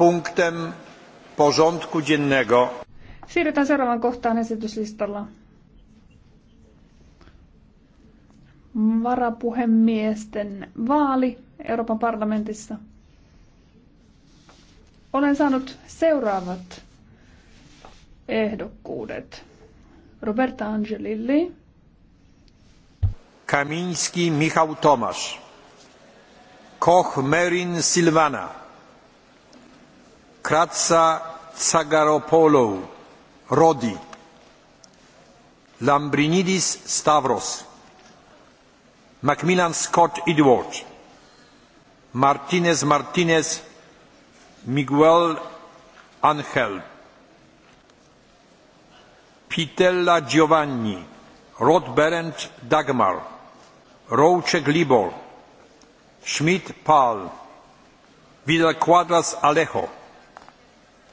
punktem porządku dziennego. Siirrytään seuraavaan kohtaan esityslistalla. Varapuhemiesten vaali Euroopan parlamentissa. Olen saanut seuraavat ehdokkuudet. Roberta Angelilli. Kamiński Michał Tomasz. Koch Merin Silvana. Kratsa Tsagaropoulou, Rodi. Lambrinidis Stavros. Macmillan Scott Edward. Martinez Martinez Miguel Angel. Pitella Giovanni. Rod Berend Dagmar. Rouček Libor. Schmidt Paul. Vidal Quadras Alejo.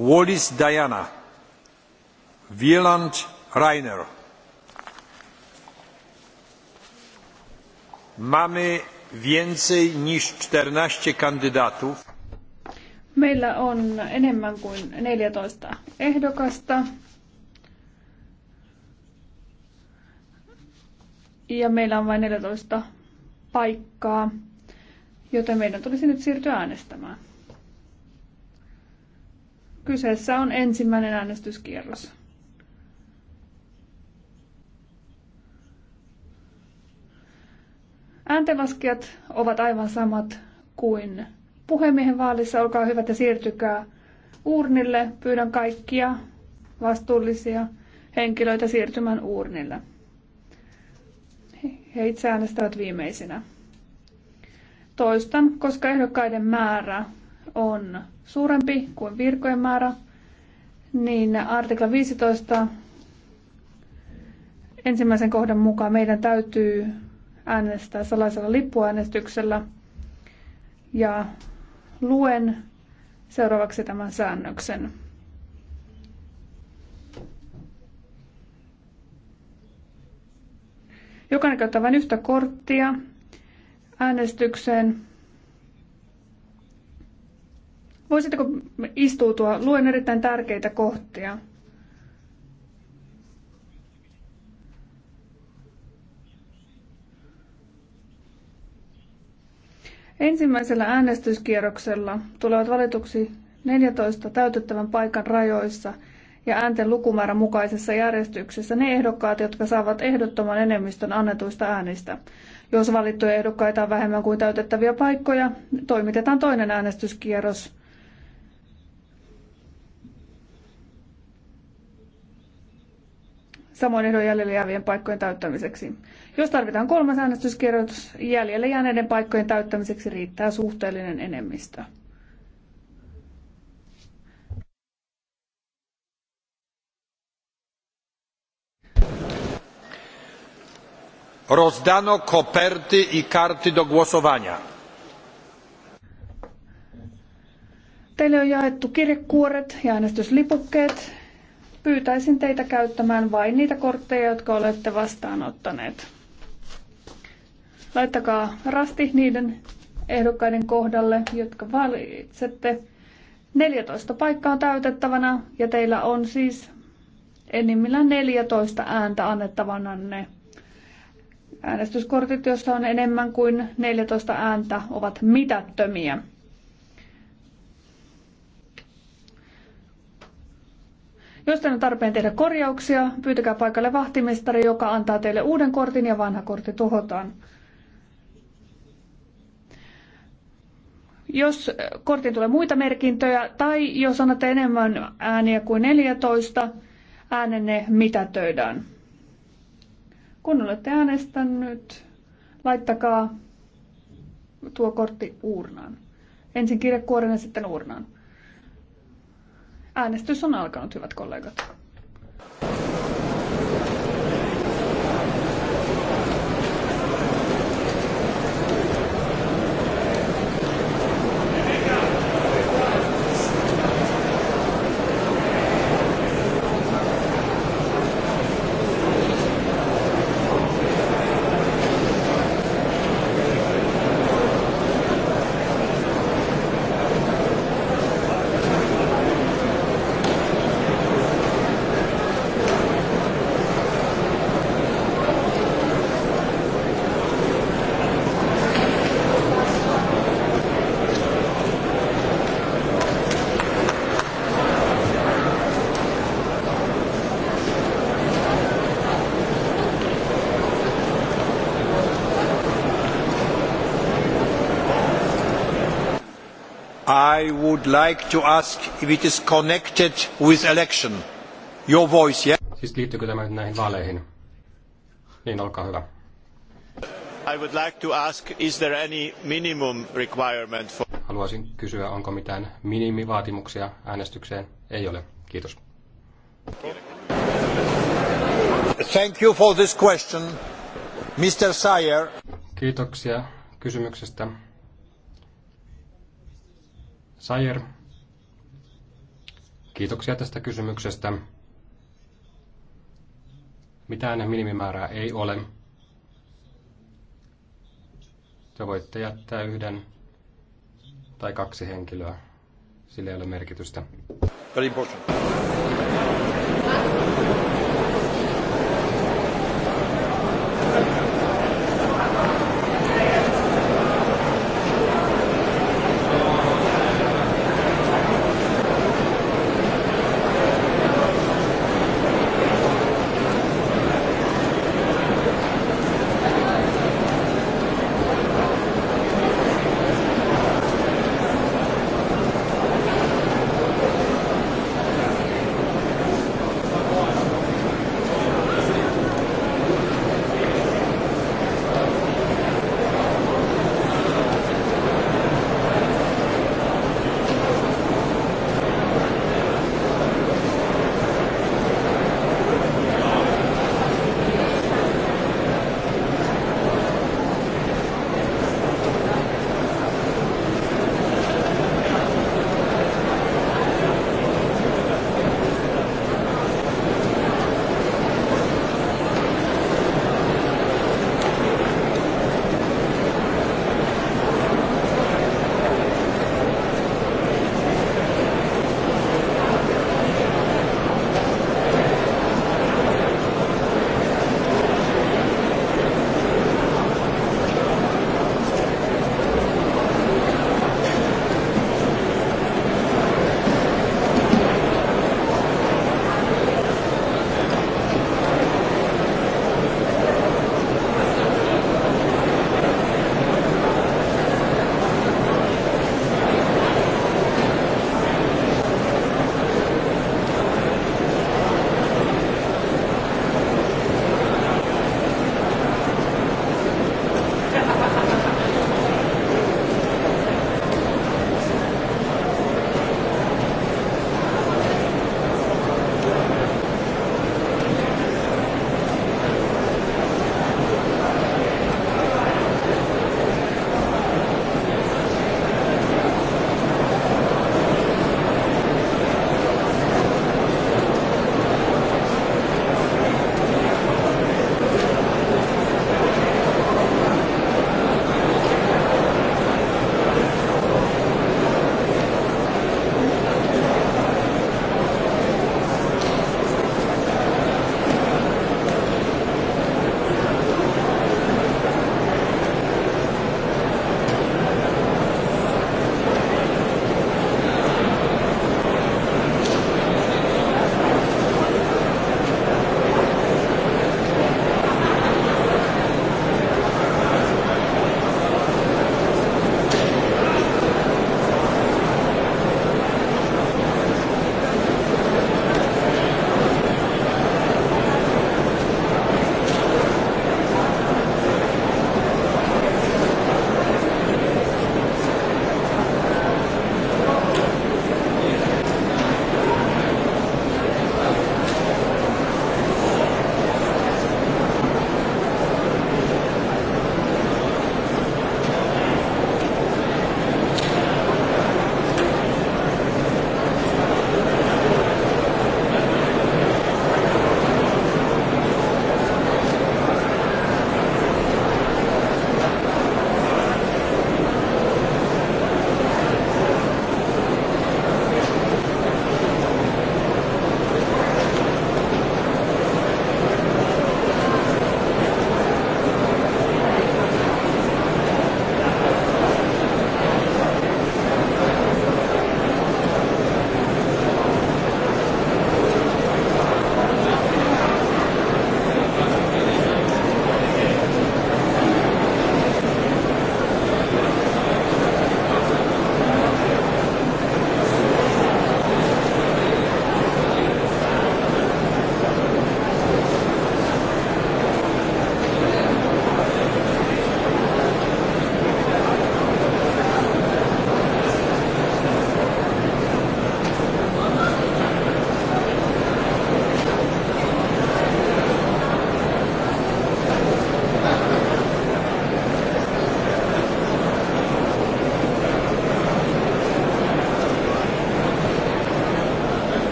Wallis Diana, Wieland Reiner. Mamy więcej niż czternaście kandydatów. Meillä on enemmän kuin 14 ehdokasta. Ja meillä on vain 14 paikkaa, joten meidän tulisi nyt siirtyä äänestämään. Kyseessä on ensimmäinen äänestyskierros. Ääntenlaskijat ovat aivan samat kuin puhemiehen vaalissa. Olkaa hyvät ja siirtykää uurnille. Pyydän kaikkia vastuullisia henkilöitä siirtymään uurnille. He itse äänestävät viimeisinä. Toistan, koska ehdokkaiden määrä on suurempi kuin virkojen määrä, niin artikla 15 ensimmäisen kohdan mukaan meidän täytyy äänestää salaisella lippuäänestyksellä ja luen seuraavaksi tämän säännöksen. Jokainen käyttää vain yhtä korttia äänestykseen Voisitteko istuutua? Luen erittäin tärkeitä kohtia. Ensimmäisellä äänestyskierroksella tulevat valituksi 14 täytettävän paikan rajoissa ja äänten lukumäärä mukaisessa järjestyksessä ne ehdokkaat, jotka saavat ehdottoman enemmistön annetuista äänistä. Jos valittuja ehdokkaita on vähemmän kuin täytettäviä paikkoja, toimitetaan toinen äänestyskierros samoin ehdon jäljelle jäävien paikkojen täyttämiseksi. Jos tarvitaan kolmas äänestyskierros, jäljelle jääneiden paikkojen täyttämiseksi riittää suhteellinen enemmistö. Rozdano koperty i karty do głosowania. Teille on jaettu kirjekuoret ja äänestyslipukkeet. Pyytäisin teitä käyttämään vain niitä kortteja, jotka olette vastaanottaneet. Laittakaa rasti niiden ehdokkaiden kohdalle, jotka valitsette. 14 paikkaa on täytettävänä ja teillä on siis enimmillään 14 ääntä annettavananne. Äänestyskortit, joissa on enemmän kuin 14 ääntä, ovat mitättömiä. Jos teillä on tarpeen tehdä korjauksia, pyytäkää paikalle vahtimestari, joka antaa teille uuden kortin ja vanha kortti tuhotaan. Jos kortin tulee muita merkintöjä tai jos annatte enemmän ääniä kuin 14, äänenne mitätöidään. Kun olette äänestänyt, laittakaa tuo kortti uurnaan. Ensin kirjekuoren ja sitten uurnaan. Äänestys on alkanut, hyvät kollegat. I would like to ask if it is connected with election. Your voice, yeah? Siis liittyykö tämä nyt näihin vaaleihin? Niin, olkaa hyvä. I would like to ask, is there any minimum requirement for... Haluaisin kysyä, onko mitään minimivaatimuksia äänestykseen? Ei ole. Kiitos. Thank you for this question, Mr. Sayer. Kiitoksia kysymyksestä. Sayer, kiitoksia tästä kysymyksestä. Mitään minimimäärää ei ole. Te voitte jättää yhden tai kaksi henkilöä. Sillä ei ole merkitystä. Very important.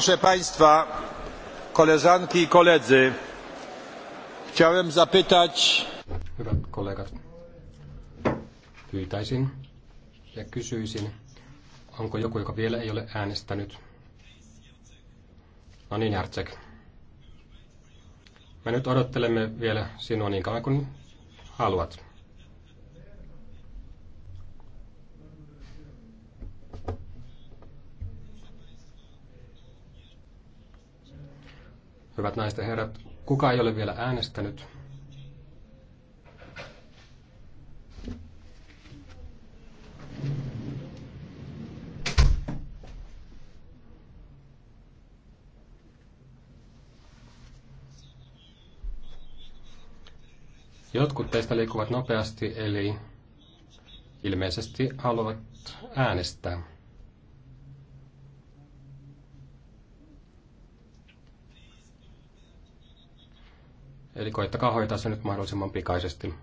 Proszę Państwa, koleżanki i koledzy, chciałem zapytać... Hyvät kollegat, pyytäisin ja kysyisin, onko joku, joka vielä ei ole äänestänyt? No niin, Järtsek. Me nyt odottelemme vielä sinua niin kauan kuin haluat. Hyvät naiset ja herrat, kuka ei ole vielä äänestänyt? Jotkut teistä liikkuvat nopeasti, eli ilmeisesti haluavat äänestää. Eli koittakaa hoitaa se nyt mahdollisimman pikaisesti.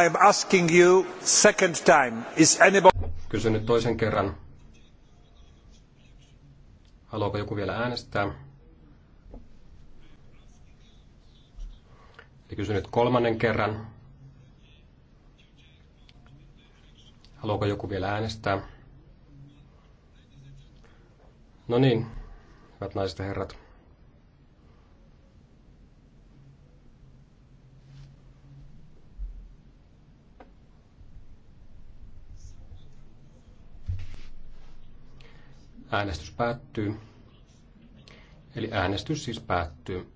I am asking you second time. Is anybody... Kysyn nyt toisen kerran. Haluaako joku vielä äänestää? Ja kysyn nyt kolmannen kerran. Haluaako joku vielä äänestää? No niin, hyvät naiset ja herrat. Äänestys päättyy. Eli äänestys siis päättyy.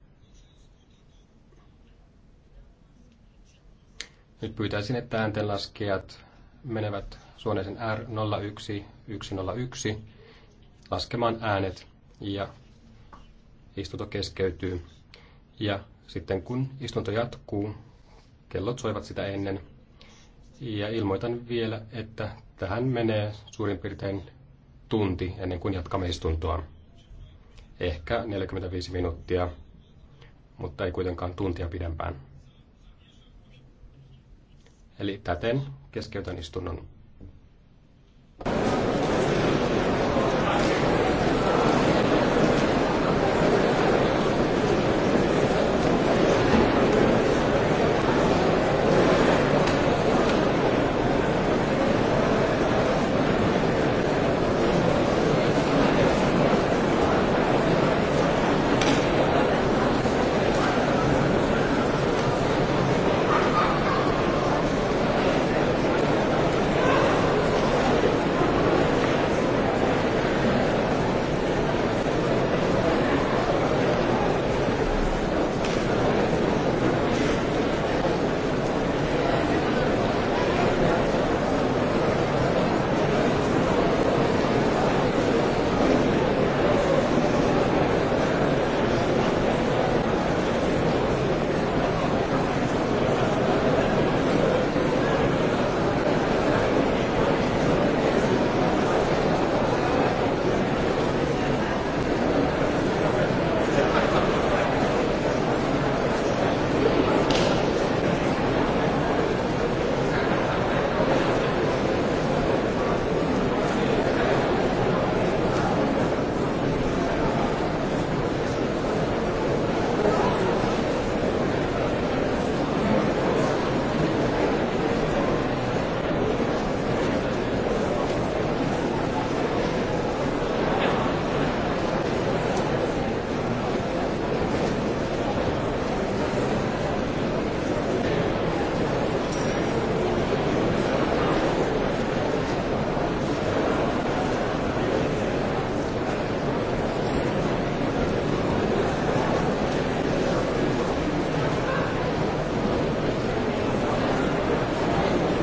Nyt pyytäisin, että ääntenlaskijat menevät suoneisen R01101 laskemaan äänet ja istunto keskeytyy. Ja sitten kun istunto jatkuu, kellot soivat sitä ennen. Ja ilmoitan vielä, että tähän menee suurin piirtein tunti ennen kuin jatkamme istuntoa. Ehkä 45 minuuttia, mutta ei kuitenkaan tuntia pidempään. Eli täten keskeytän istunnon.